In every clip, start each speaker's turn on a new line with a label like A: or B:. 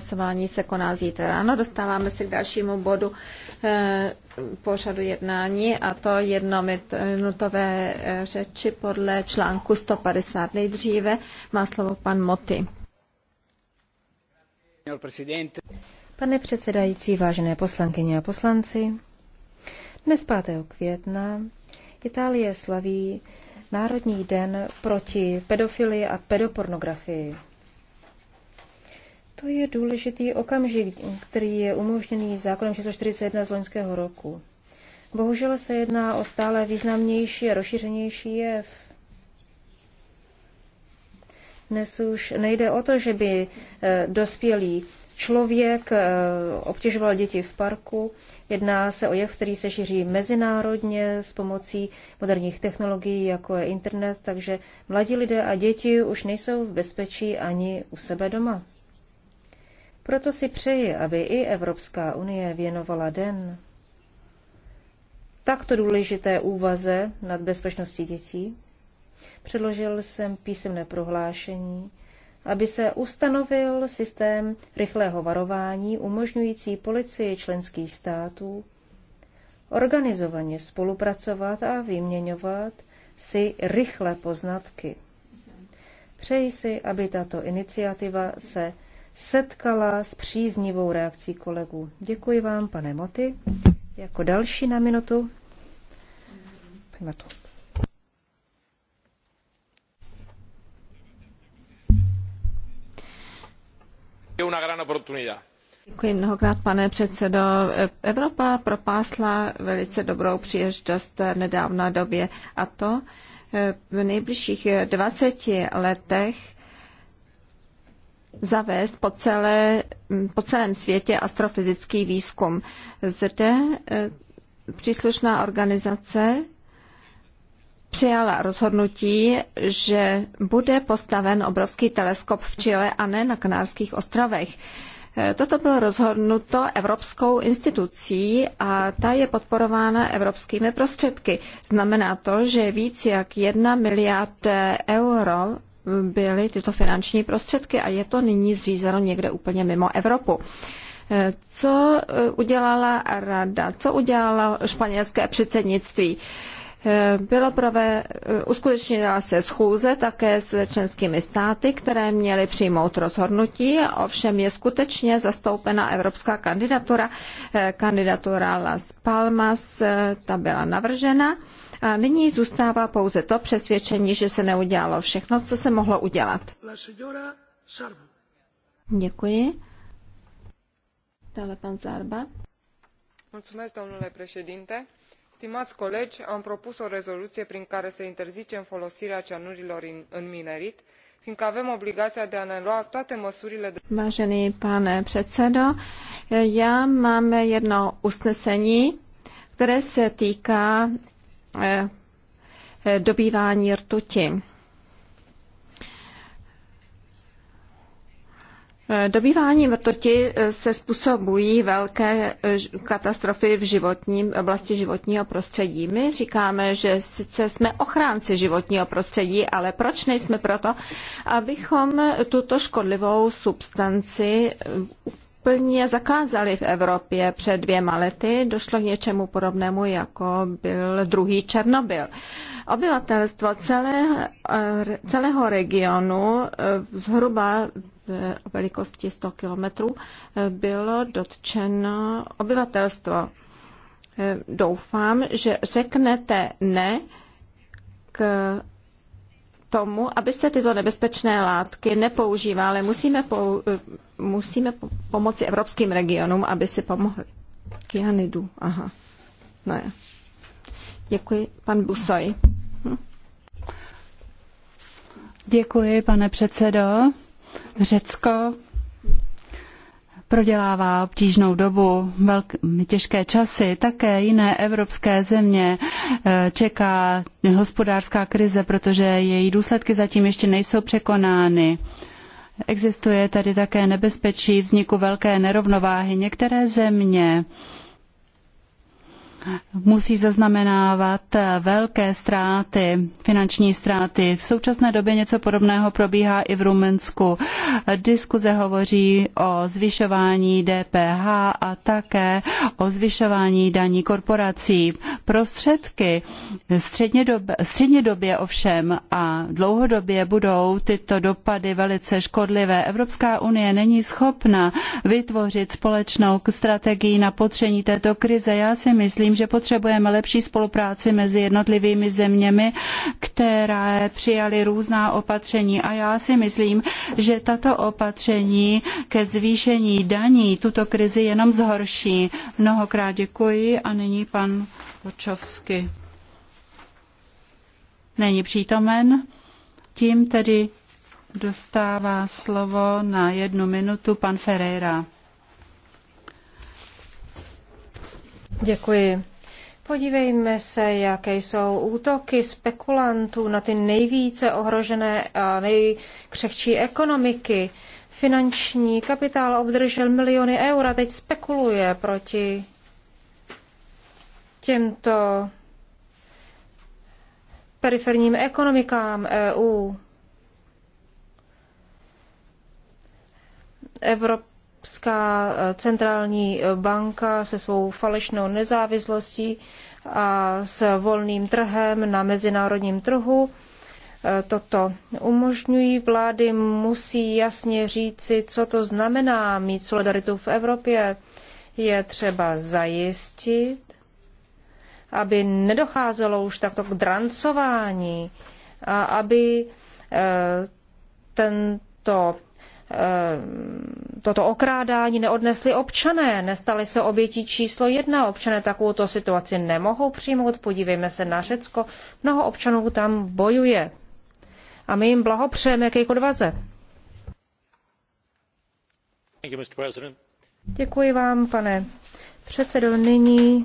A: Hlasování se koná zítra ráno. Dostáváme se k dalšímu bodu e, pořadu jednání a to jednominutové eh, řeči podle článku 150. Nejdříve má slovo pan Moty. Pane předsedající, vážené poslankyně a poslanci,
B: dnes 5. května Itálie slaví Národní den proti pedofilii a pedopornografii. To je důležitý okamžik, který je umožněný zákonem 641 z loňského roku. Bohužel se jedná o stále významnější a rozšířenější jev. Dnes už nejde o to, že by e, dospělý člověk e, obtěžoval děti v parku. Jedná se o jev, který se šíří mezinárodně s pomocí moderních technologií, jako je internet, takže mladí lidé a děti už nejsou v bezpečí ani u sebe doma. Proto si přeji, aby i Evropská unie věnovala den takto důležité úvaze nad bezpečností dětí. Předložil jsem písemné prohlášení, aby se ustanovil systém rychlého varování umožňující policii členských států organizovaně spolupracovat a vyměňovat si rychle poznatky. Přeji si, aby tato iniciativa se setkala s příznivou reakcí kolegů. Děkuji vám, pane Moty. Jako další na minutu. Na to.
A: Děkuji mnohokrát, pane předsedo. Evropa propásla velice dobrou příležitost nedávna době a to v nejbližších 20 letech zavést po, celé, po celém světě astrofyzický výzkum. Zde eh, příslušná organizace přijala rozhodnutí, že bude postaven obrovský teleskop v Chile a ne na Kanárských ostrovech. Eh, toto bylo rozhodnuto evropskou institucí a ta je podporována evropskými prostředky. Znamená to, že víc jak jedna miliard eh, euro byly tyto finanční prostředky a je to nyní zřízeno někde úplně mimo Evropu. Eh, co eh, udělala rada? Co udělalo španělské předsednictví? Eh, bylo prové, uskutečnila se schůze také s členskými státy, které měly přijmout rozhodnutí, ovšem je skutečně zastoupena evropská kandidatura, kandidatura Las Palmas, ta byla navržena a nyní zůstává pouze to přesvědčení, že se neudělalo všechno, co se mohlo udělat. Děkuji. Dále pan Zarba.
B: Mulțumesc, domnule președinte. Stimați colegi, am propus o rezoluție prin care să interzicem folosirea cianurilor în minerit, fiindcă avem obligația de a ne lua toate măsurile de...
A: Vážený pane předsedo, já mám jedno usnesení, které se týká Eh, eh, dobývání rtuti. Eh, dobývání rtuti se způsobují velké katastrofy v životním, oblasti životního prostředí. My říkáme, že sice jsme ochránci životního prostředí, ale proč nejsme proto, abychom tuto škodlivou substanci úplně zakázali v Evropě před dvěma lety. Došlo k něčemu podobnému, jako byl druhý Černobyl. Obyvatelstvo celé, celého regionu zhruba v velikosti 100 kilometrů bylo dotčeno obyvatelstvo. Doufám, že řeknete ne k tomu, aby se tyto nebezpečné látky nepoužívaly. Musíme, pou, musíme pomoci evropským regionům, aby si pomohli. Kyanidu, aha. No je.
C: Děkuji, pan Busoj. Hm. Děkuji, pane předsedo. Řecko prodělává obtížnou dobu, velk- těžké časy, také jiné evropské země eh, čeká hospodářská krize, protože její důsledky zatím ještě nejsou překonány. Existuje tady také nebezpečí vzniku velké nerovnováhy. Některé země musí zaznamenávat velké ztráty, finanční ztráty. V současné době něco podobného probíhá i v Rumunsku. Diskuze hovoří o zvyšování DPH a také o zvyšování daní korporací. Prostředky středně době ovšem a dlouhodobě budou tyto dopady velice škodlivé. Evropská unie není schopna vytvořit společnou strategii na potření této krize. Já si myslím, myslím, že potřebujeme lepší spolupráci mezi jednotlivými zeměmi, které přijaly různá opatření. A já si myslím, že tato opatření ke zvýšení daní tuto krizi jenom zhorší. Mnohokrát děkuji a nyní pan Kočovsky. Není přítomen, tím tedy dostává slovo na jednu minutu pan Ferreira. Děkuji.
B: Podívejme se, jaké jsou útoky spekulantů na ty nejvíce ohrožené a nejkřehčí ekonomiky. Finanční kapitál obdržel miliony eur a teď spekuluje proti těmto periferním ekonomikám EU. Evropa Evropská eh, centrální eh, banka se svou falešnou nezávislostí a s volným trhem na mezinárodním trhu eh, toto umožňují. Vlády musí jasně říci, co to znamená mít solidaritu v Evropě. Je třeba zajistit, aby nedocházelo už takto k drancování a aby tento toto okrádání neodnesli občané, nestali se obětí číslo jedna. Občané takovouto situaci nemohou přijmout. Podívejme se na Řecko. Mnoho občanů tam bojuje. A my jim blahopřejeme k jejich odvaze. Děkuji vám, pane předsedo. Nyní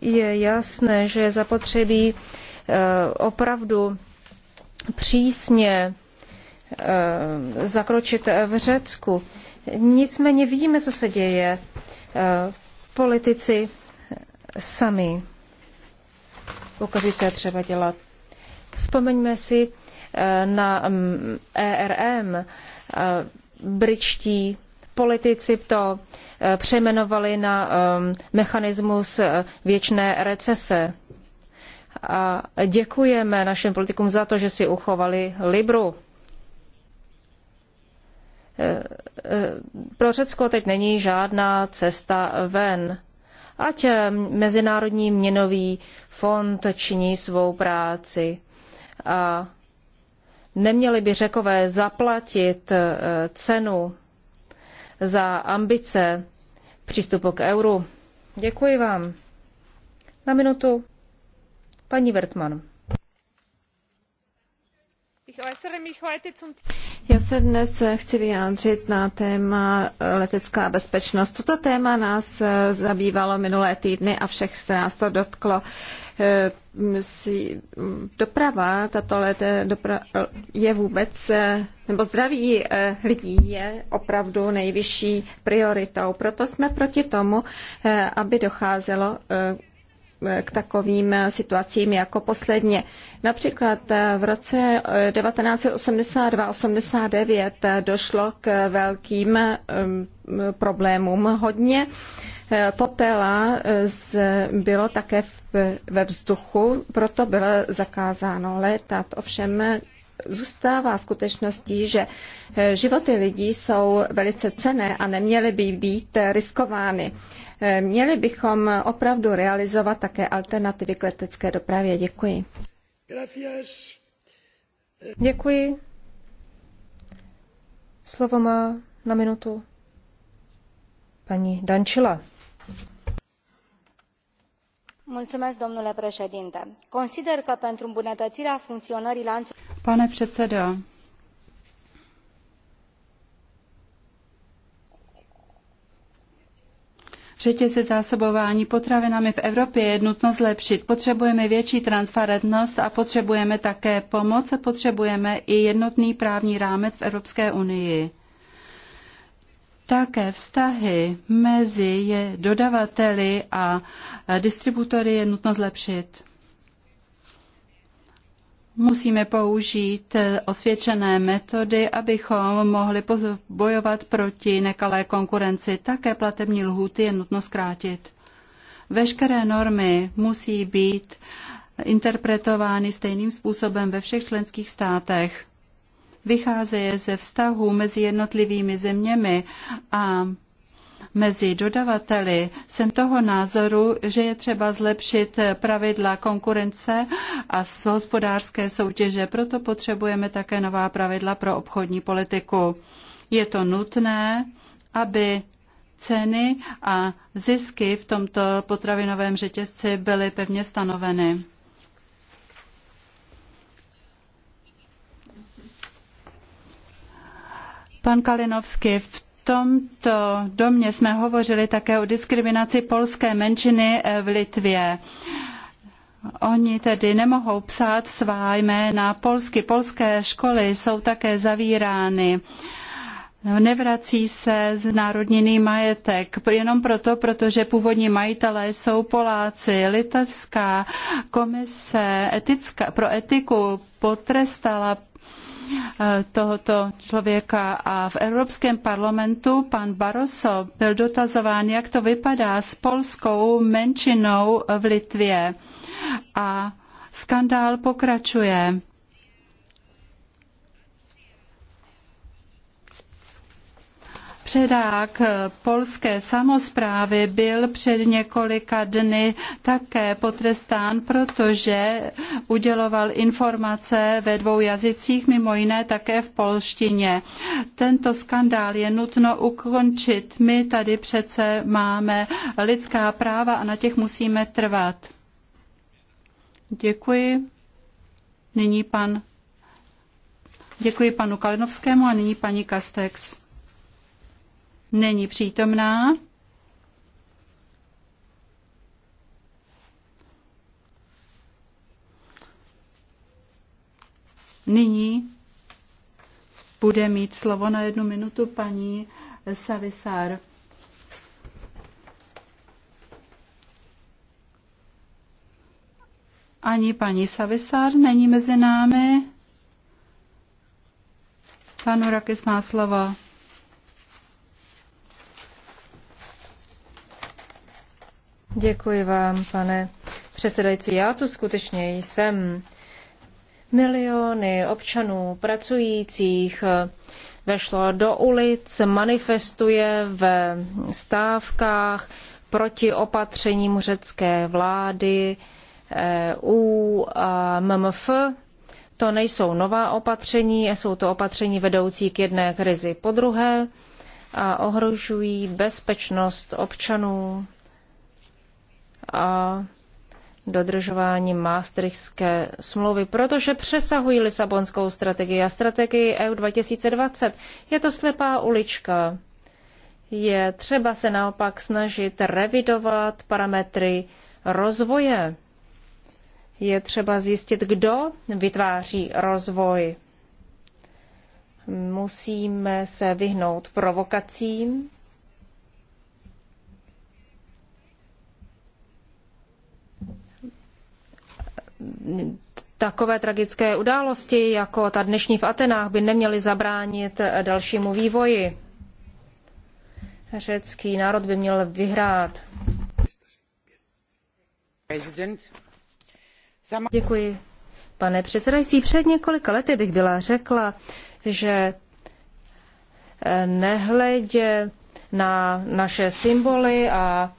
B: je jasné, že je zapotřebí eh, opravdu přísně Eh, zakročit v Řecku. Nicméně vidíme, co se děje. Eh, politici sami Pokazit se třeba dělat. Vzpomeňme si eh, na ERM. Britští politici to přejmenovali na mechanismus věčné recese. A děkujeme našim politikům za to, že si uchovali Libru. Eh, eh, pro Řecko teď není žádná cesta ven. Ať eh, Mezinárodní měnový fond činí svou práci. A neměli by Řekové zaplatit cenu za ambice přístupu k euru. Děkuji vám.
A: Na minutu paní Wertmann. Já se dnes chci vyjádřit na téma letecká bezpečnost. Toto téma nás zabývalo minulé týdny a všech se nás to dotklo. Eh, doprava, tato lete, eh, dopra, je vůbec, eh, nebo zdraví lidí je opravdu nejvyšší prioritou. Proto jsme proti tomu, aby docházelo k takovým situacím jako posledně. Například v roce 1982-89 došlo k velkým um, problémům. Hodně popela eh, bylo také ve vzduchu, proto bylo zakázáno létat. Ovšem zůstává skutečností, že eh, životy lidí jsou velice cené a neměly by být eh, riskovány. Eh, měli bychom opravdu realizovat také alternativy k letecké dopravě. Děkuji. Děkuji. Slovo má na minutu
B: paní Dančila.
A: Mulțumesc, domnule președinte. Consider că pentru îmbunătățirea funcționării lanțului...
C: Pane předsedo, Řetěze zásobování potravinami v Evropě je nutno zlepšit. Potřebujeme větší transparentnost a potřebujeme také pomoc a potřebujeme i jednotný právní rámec v Evropské unii. Také vztahy mezi je dodavateli a distributory je nutno zlepšit. Musíme použít eh, osvědčené metody, abychom mohli bojovat proti nekalé konkurenci. Také platební lhuty je nutno zkrátit. Veškeré normy musí být interpretovány stejným způsobem ve všech členských státech. Vycházeje ze vztahu mezi jednotlivými zeměmi a mezi dodavateli, jsem toho názoru, že je třeba zlepšit pravidla konkurence a hospodářské soutěže, proto potřebujeme také nová pravidla pro obchodní politiku. Je to nutné, aby ceny a zisky v tomto potravinovém řetězci byly pevně stanoveny. Pan Kalinovský, v tomto domě jsme hovořili také o diskriminaci polské menšiny eh, v Litvě. Oni tedy nemohou psát svá jména polsky. Polské školy jsou také zavírány. Nevrací se znárodněný majetek jenom proto, protože původní majitelé jsou Poláci. Litevská komise etická, pro etiku potrestala Eh, tohoto člověka. A v Evropském parlamentu pan Barroso byl dotazován, jak to vypadá s polskou menšinou v Litvě. A skandál pokračuje. Předák polské samozprávy byl před několika dny také potrestán, protože uděloval informace ve dvou jazycích, mimo jiné také v polštině. Tento skandál je nutno ukončit. My tady přece máme lidská práva a na těch musíme trvat. Děkuji. Nyní pan. Děkuji panu Kalinovskému a nyní paní Kastex není přítomná. Nyní bude mít slovo na jednu minutu paní Savisár. Ani paní Savisár není mezi námi. Panu Urakis má slovo. Děkuji vám, pane
B: předsedající. Já tu skutečně jsem. Miliony občanů pracujících eh, vešlo do ulic, manifestuje ve stávkách proti opatřením řecké vlády, eh, u MMF. To nejsou nová opatření, jsou to opatření vedoucí k jedné krizi po druhé a ohrožují bezpečnost občanů a dodržování Maastrichtské smlouvy, protože přesahují Lisabonskou strategii a strategii EU 2020. Je to slepá ulička. Je třeba se naopak snažit revidovat parametry rozvoje. Je třeba zjistit, kdo vytváří rozvoj. Musíme se vyhnout provokacím takové tragické události, jako ta dnešní v Atenách, by neměly zabránit dalšímu vývoji. Řecký národ by měl vyhrát. Děkuji. Pane předsedající, před několika lety bych byla řekla, že eh, nehledě na naše symboly a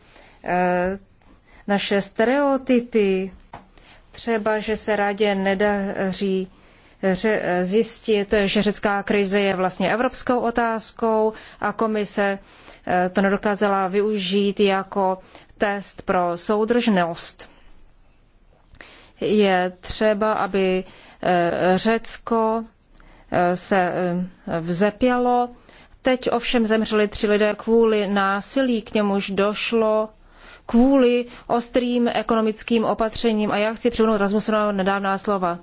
B: eh, naše stereotypy, třeba, že se radě nedaří eh, eh, zjistit, že řecká krize je vlastně evropskou otázkou a komise eh, to nedokázala využít jako test pro soudržnost. Je třeba, aby Řecko se vzepělo. Teď ovšem zemřeli tři lidé kvůli násilí, k němuž došlo kvůli ostrým ekonomickým opatřením. A já chci přivnout Rasmusova nedávná slova,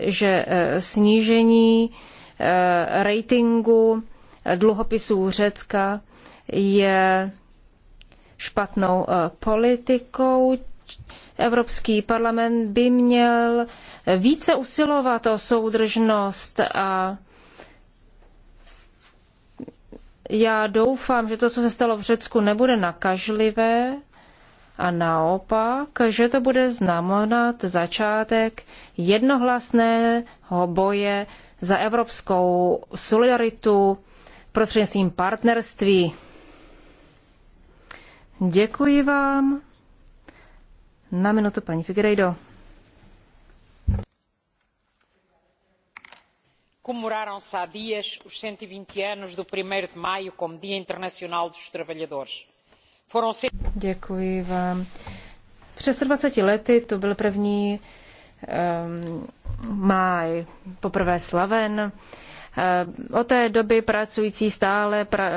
B: že eh, snížení eh, ratingu eh, dluhopisů Řecka je špatnou politikou. Evropský parlament by měl více usilovat o soudržnost a já doufám, že to, co se stalo v Řecku, nebude nakažlivé a naopak, že to bude znamenat začátek jednohlasného boje za evropskou solidaritu prostřednictvím partnerství. Děkuji vám. Na minutu paní Figueiredo. comemoraram se há dias os cento e vinte anos do 1 de maio como Dia Internacional dos Trabalhadores. Foram Děkuji vám. Přes 20 lety to byl první um, máj poprvé slaven. Eh, o té doby pracující stále pra, eh,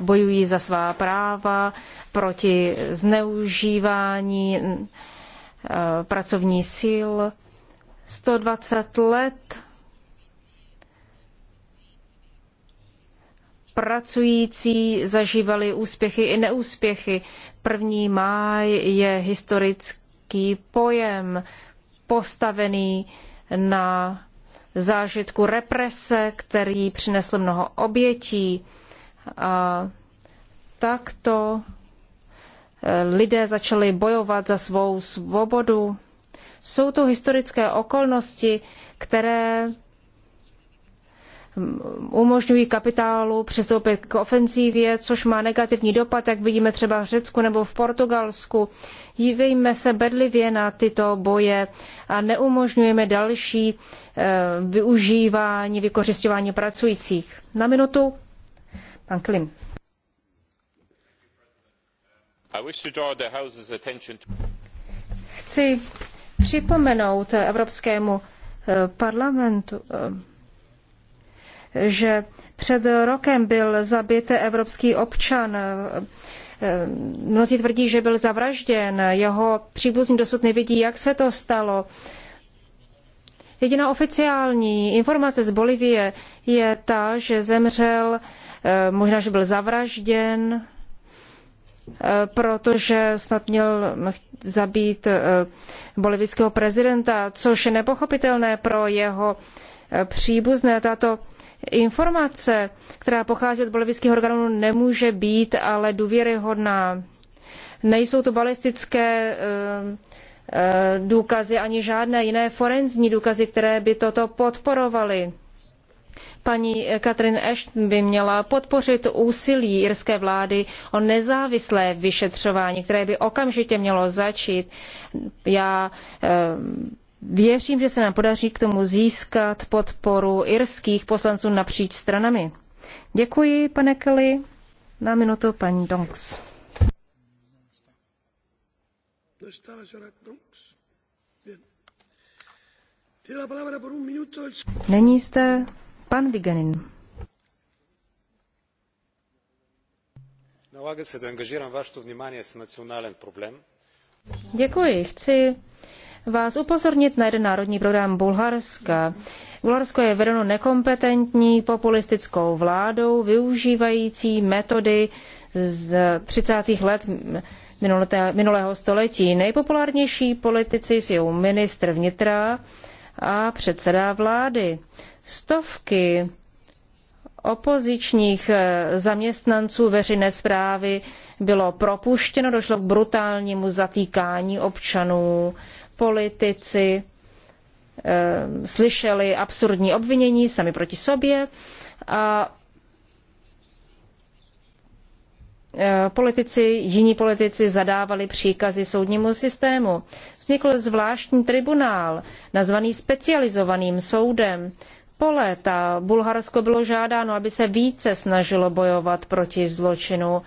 B: bojují za svá práva proti zneužívání eh, pracovní síl. 120 let pracující zažívali úspěchy i neúspěchy. První máj je historický pojem postavený na zážitku represe, který přinesl mnoho obětí. A takto eh, lidé začali bojovat za svou svobodu. Jsou to historické okolnosti, které umožňují kapitálu přistoupit k ofenzívě, což má negativní dopad, jak vidíme třeba v Řecku nebo v Portugalsku. Dívejme se bedlivě na tyto boje a neumožňujeme další eh, využívání, vykořišťování pracujících. Na minutu, pan Klim. Chci připomenout Evropskému eh, parlamentu, eh, že před rokem byl zabit evropský občan. Mnozí tvrdí, že byl zavražděn. Jeho příbuzní dosud nevidí, jak se to stalo. Jediná oficiální informace z Bolivie je ta, že zemřel, eh, možná, že byl zavražděn, eh, protože snad měl zabít eh, bolivijského prezidenta, což je nepochopitelné pro jeho příbuzné. Tato Informace, která pochází od bolivijských orgánů, nemůže být ale důvěryhodná. Nejsou to balistické eh, eh, důkazy ani žádné jiné forenzní důkazy, které by toto podporovaly. Paní Katrin Ashton by měla podpořit úsilí irské vlády o nezávislé vyšetřování, které by okamžitě mělo začít. Já eh, Věřím, že se nám podaří k tomu získat podporu irských poslanců napříč stranami. Děkuji, pane Kelly. Na minutu paní Donks. No Není jste pan Vigenin. Děkuji. Chci vás upozornit na jeden národní program Bulharska. Bulharsko je vedeno nekompetentní populistickou vládou, využívající metody z 30. let minulého století. Nejpopulárnější politici jsou ministr vnitra a předseda vlády. Stovky opozičních eh, zaměstnanců veřejné zprávy bylo propuštěno, došlo k brutálnímu zatýkání občanů, politici eh, slyšeli absurdní obvinění sami proti sobě a eh, politici, jiní politici zadávali příkazy soudnímu systému. Vznikl zvláštní tribunál, nazvaný specializovaným soudem. Po léta Bulharsko bylo žádáno, aby se více snažilo bojovat proti zločinu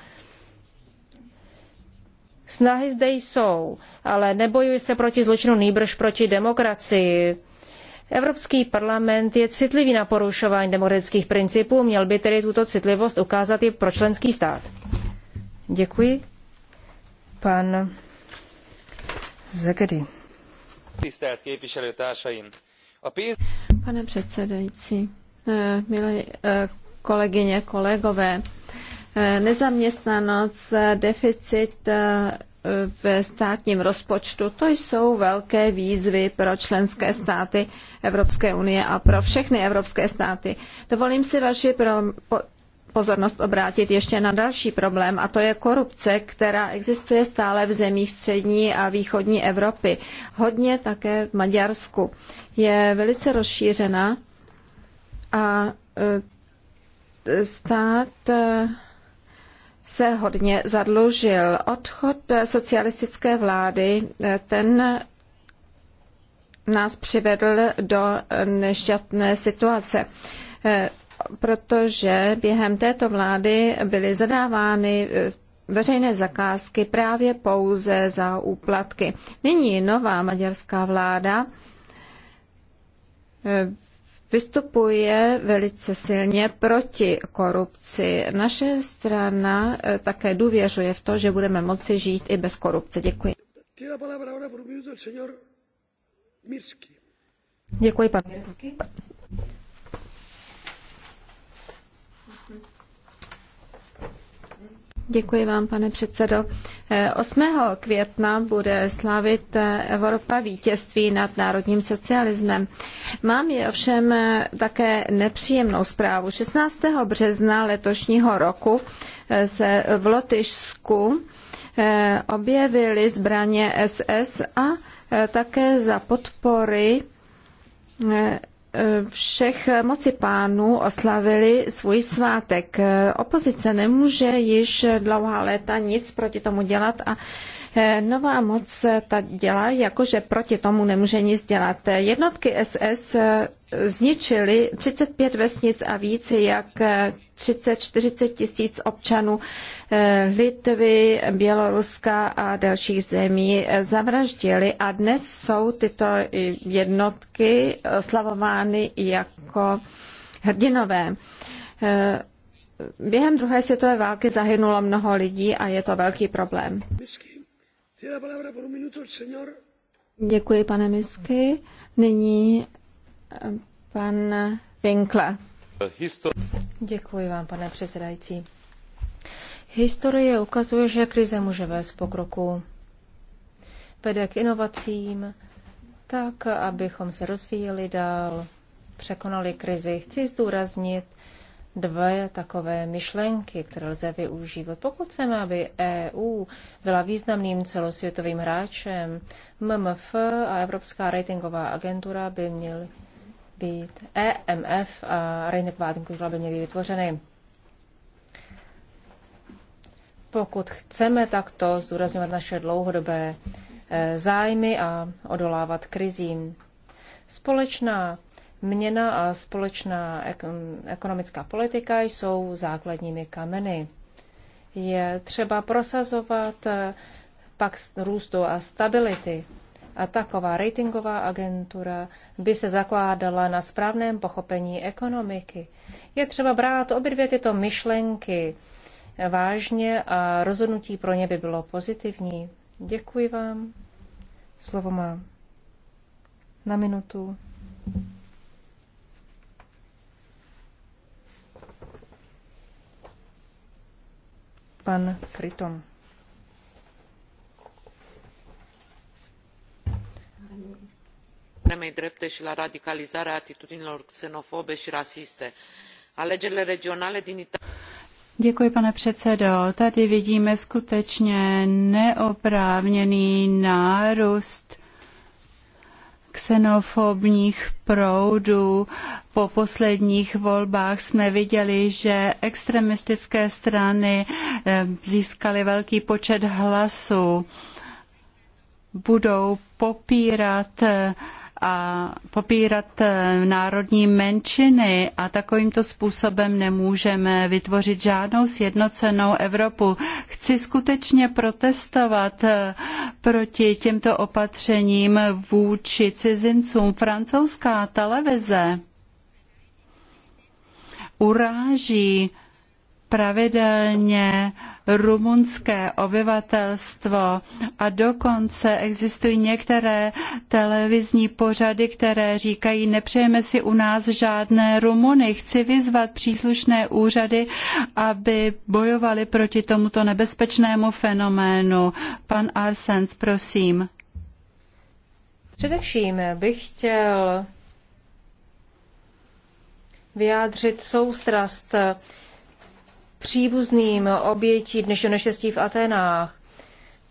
B: Snahy zde jsou, ale nebojuje se proti zločinu nýbrž proti demokracii. Evropský parlament je citlivý na porušování demokratických principů, měl by tedy tuto citlivost ukázat i pro členský stát. Děkuji. Pan
A: Zegedy. Pane předsedající, eh, milé eh, kolegyně, kolegové, Eh, nezaměstnanost, eh, deficit eh, ve státním rozpočtu, to jsou velké výzvy pro členské státy Evropské unie a pro všechny evropské státy. Dovolím si vaši pro, pozornost obrátit ještě na další problém, a to je korupce, která existuje stále v zemích střední a východní Evropy, hodně také v Maďarsku. Je velice rozšířena a stát se hodně zadlužil. Odchod socialistické vlády, eh, ten nás přivedl do nešťastné situace eh, protože během této vlády byly zadávány eh, veřejné zakázky právě pouze za úplatky. Nyní nová maďarská vláda vystupuje velice silně proti korupci. Naše strana eh, také důvěřuje v to, že budeme moci žít i bez korupce. Děkuji. Děkuji, pan Děkuji vám, pane předsedo. 8. května bude slavit Evropa vítězství nad národním socialismem. Mám je ovšem také nepříjemnou zprávu. 16. března letošního roku se v Lotyšsku objevily zbraně SS a také za podpory všech moci pánů oslavili svůj svátek. Opozice nemůže již dlouhá léta nic proti tomu dělat a Eh, nová moc eh, ta dělá, jakože proti tomu nemůže nic dělat. Eh, jednotky SS zničili 35 vesnic a více jak 30-40 tisíc občanů Litvy, Běloruska a dalších zemí zavraždili a dnes jsou tyto jednotky slavovány jako hrdinové. Během druhé světové války zahynulo mnoho lidí a je to velký problém. Děkuji, pane Misky. Nyní eh, pan Winkler. Děkuji vám, pane předsedající.
B: Historie ukazuje, že krize může vést pokroku. Vede k inovacím, tak, abychom se rozvíjeli dál, překonali krizi. Chci zdůraznit, dvě takové myšlenky, které lze využívat. Pokud chceme, aby EU byla významným celosvětovým hráčem, MMF a Evropská ratingová agentura by měly být EMF a ratingová agentura by měly být vytvořeny. Pokud chceme takto zdůrazňovat naše dlouhodobé e, zájmy a odolávat krizím, společná Měna a společná ekonomická politika jsou základními kameny. Je třeba prosazovat eh, pak růstu a stability. A taková ratingová agentura by se zakládala na správném pochopení ekonomiky. Je třeba brát obě dvě tyto myšlenky vážně a rozhodnutí pro ně by bylo pozitivní. Děkuji vám. Slovo má na minutu. pan Kryton.
A: extremei drepte și la radicalizarea atitudinilor xenofobe și rasiste. alegerile regionale din italia
C: Děkuji, pane předsedo. Tady vidíme skutečně neoprávněný nárůst xenofobních proudů. Po posledních volbách jsme viděli, že extremistické strany eh, získaly velký počet hlasů. Budou popírat eh, a popírat eh, národní menšiny a takovýmto způsobem nemůžeme vytvořit žádnou sjednocenou Evropu. Chci skutečně protestovat eh, proti těmto opatřením vůči cizincům. Francouzská televize uráží pravidelně rumunské obyvatelstvo a dokonce existují některé televizní pořady, které říkají, nepřejeme si u nás žádné Rumuny. Chci vyzvat příslušné úřady, aby bojovali proti tomuto nebezpečnému fenoménu. Pan Arsens, prosím.
B: Především bych chtěl vyjádřit soustrast příbuzným obětí dnešního neštěstí v Atenách.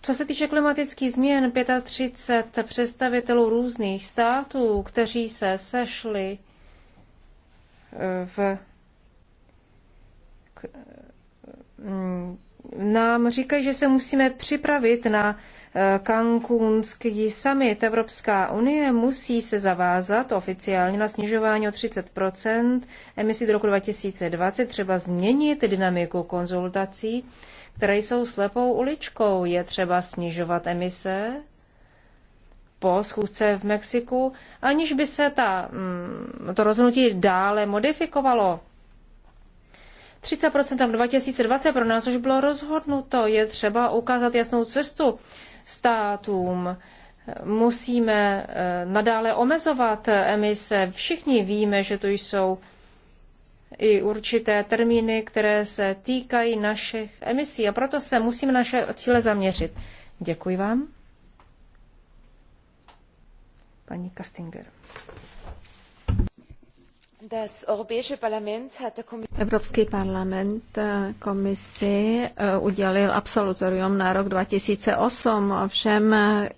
B: Co se týče klimatických změn, 35 představitelů různých států, kteří se sešli eh, v mm, nám říkají, že se musíme připravit na Cancúnský eh, summit Evropská unie musí se zavázat oficiálně na snižování o 30 emisí do roku 2020, třeba změnit dynamiku konzultací, které jsou slepou uličkou. Je třeba snižovat emise po schůzce v Mexiku, aniž by se ta, mm, to rozhodnutí dále modifikovalo. 30% v 2020 pro nás už bylo rozhodnuto. Je třeba ukázat jasnou cestu státům. Musíme eh, nadále omezovat emise. Všichni víme, že to jsou i určité termíny, které se týkají našich emisí a proto se musíme naše cíle zaměřit. Děkuji vám.
A: Paní Kastinger. Evropský parlament eh, komisi eh, udělil absolutorium na rok 2008, ovšem eh,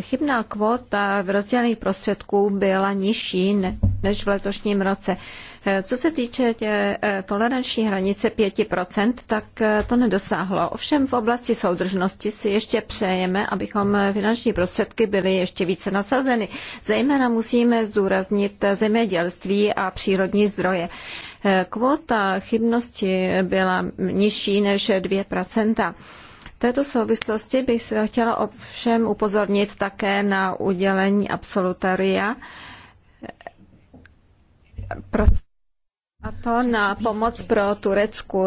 A: chybná kvota v rozdělených prostředků byla nižší než v letošním roce. Co se týče tě, eh, toleranční hranice 5%, tak eh, to nedosáhlo. Ovšem v oblasti soudržnosti si ještě přejeme, abychom eh, finanční prostředky byly ještě více nasazeny. Zejména musíme zdůraznit zemědělství a přírodní zdroje. Kvota chybnosti byla nižší než 2% této souvislosti bych se chtěla ovšem upozornit také na udělení absolutaria a to na pomoc pro Turecku.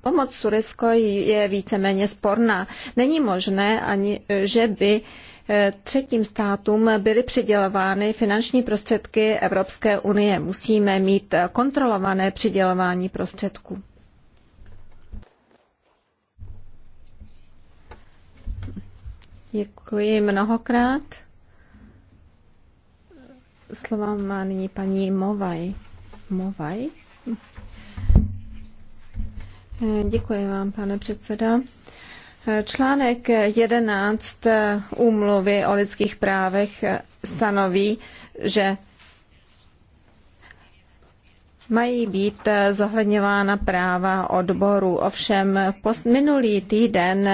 A: Pomoc Turecko je víceméně sporná. Není možné ani, že by eh, třetím státům byly přidělovány finanční prostředky Evropské unie. Musíme mít kontrolované přidělování prostředků. Děkuji mnohokrát. Slova má nyní paní Movaj. Movaj? Děkuji vám, pane předseda. Článek 11 úmluvy o lidských právech stanoví, že mají být zohledňována práva odboru. Ovšem, minulý týden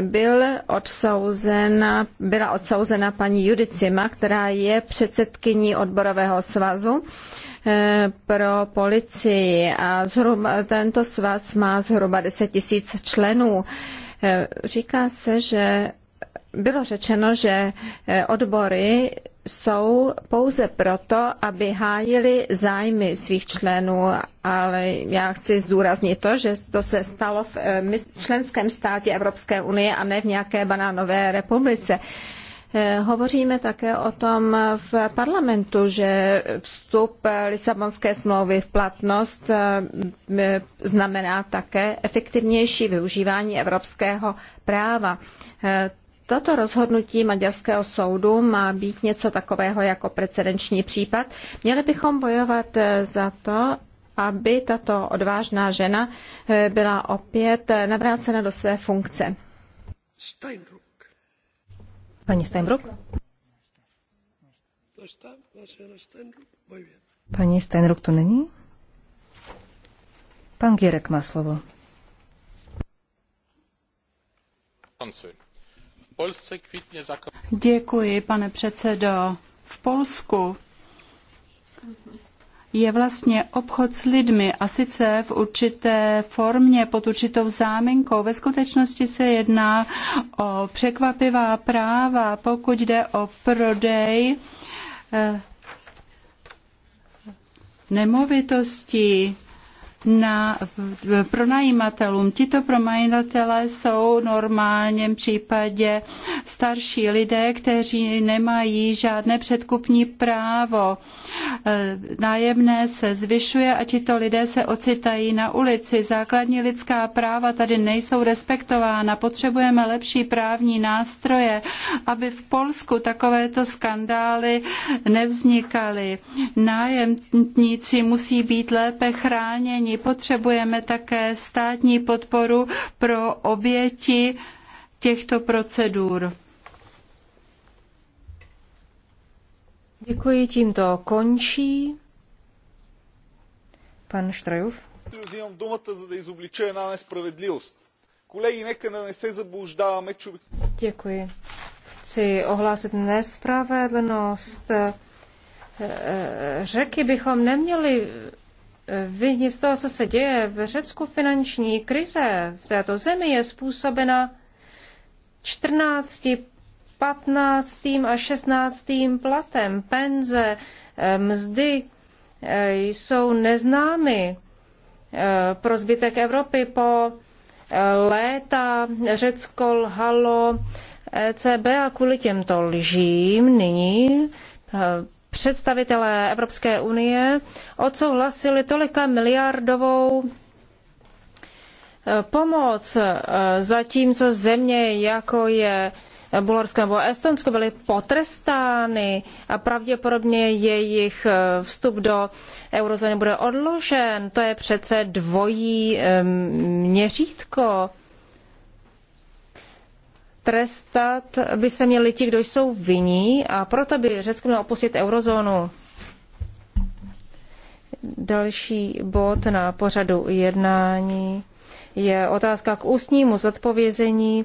A: byl odsouzena, byla odsouzena paní Judicima, která je předsedkyní odborového svazu eh, pro policii a zhruba, tento svaz má zhruba 10 tisíc členů. Eh, říká se, že bylo řečeno, že eh, odbory jsou pouze proto, aby hájili zájmy svých členů, ale já chci zdůraznit to, že to se stalo v eh, členském státě Evropské unie a ne v nějaké banánové republice. Eh, hovoříme také o tom v parlamentu, že vstup Lisabonské smlouvy v platnost eh, znamená také efektivnější využívání evropského práva. Toto rozhodnutí maďarského soudu má být něco takového jako precedenční případ. Měli bychom bojovat eh, za to, aby tato odvážná žena eh, byla opět eh, navrácena do své funkce.
C: Steinruck.
A: Paní Steinruck?
B: Paní Steinruck to není?
C: Pan Gierek má slovo. Děkuji, pane předsedo. V Polsku je vlastně obchod s lidmi a sice v určité formě, pod určitou záminkou. Ve skutečnosti se jedná o překvapivá práva, pokud jde o prodej eh, nemovitostí na pronajímatelům. Tito pronajímatelé jsou v normálním případě starší lidé, kteří nemají žádné předkupní právo. E, nájemné se zvyšuje a tito lidé se ocitají na ulici. Základní lidská práva tady nejsou respektována. Potřebujeme lepší právní nástroje, aby v Polsku takovéto skandály nevznikaly. Nájemníci musí být lépe chráněni úrovni. Potřebujeme také státní podporu pro oběti těchto procedur.
B: Děkuji, tímto končí. Pan Štrajův.
C: Взимам думата, за да изоблича една несправедливост. Колеги, нека да не се заблуждаваме, че...
B: Děkuji. Chci ohlásit nespravedlnost. Eh, eh, řeky bychom neměli vinit z toho, co se děje v Řecku finanční krize v této zemi, je způsobena 14, 15. a 16. platem. Penze, eh, mzdy eh, jsou neznámy eh, pro zbytek Evropy po léta Řecko lhalo ECB a kvůli těmto lžím nyní představitelé Evropské unie odsouhlasili tolika miliardovou eh, pomoc, eh, zatímco země jako je Bulharsko nebo Estonsko byly potrestány a pravděpodobně jejich eh, vstup do eurozóny bude odložen. To je přece dvojí měřítko trestat by se měli ti, kdo jsou viní, a proto by Řecko mělo opustit eurozónu. Další bod na
C: pořadu jednání je otázka k ústnímu zodpovězení